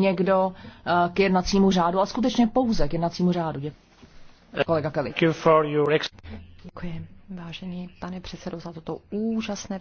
někdo eh, k jednacímu řádu, a skutečně pouze k jednacímu řádu. Děkuji. Kolega Kelly. Děkuji, vážený pane předsedo, za toto úžasné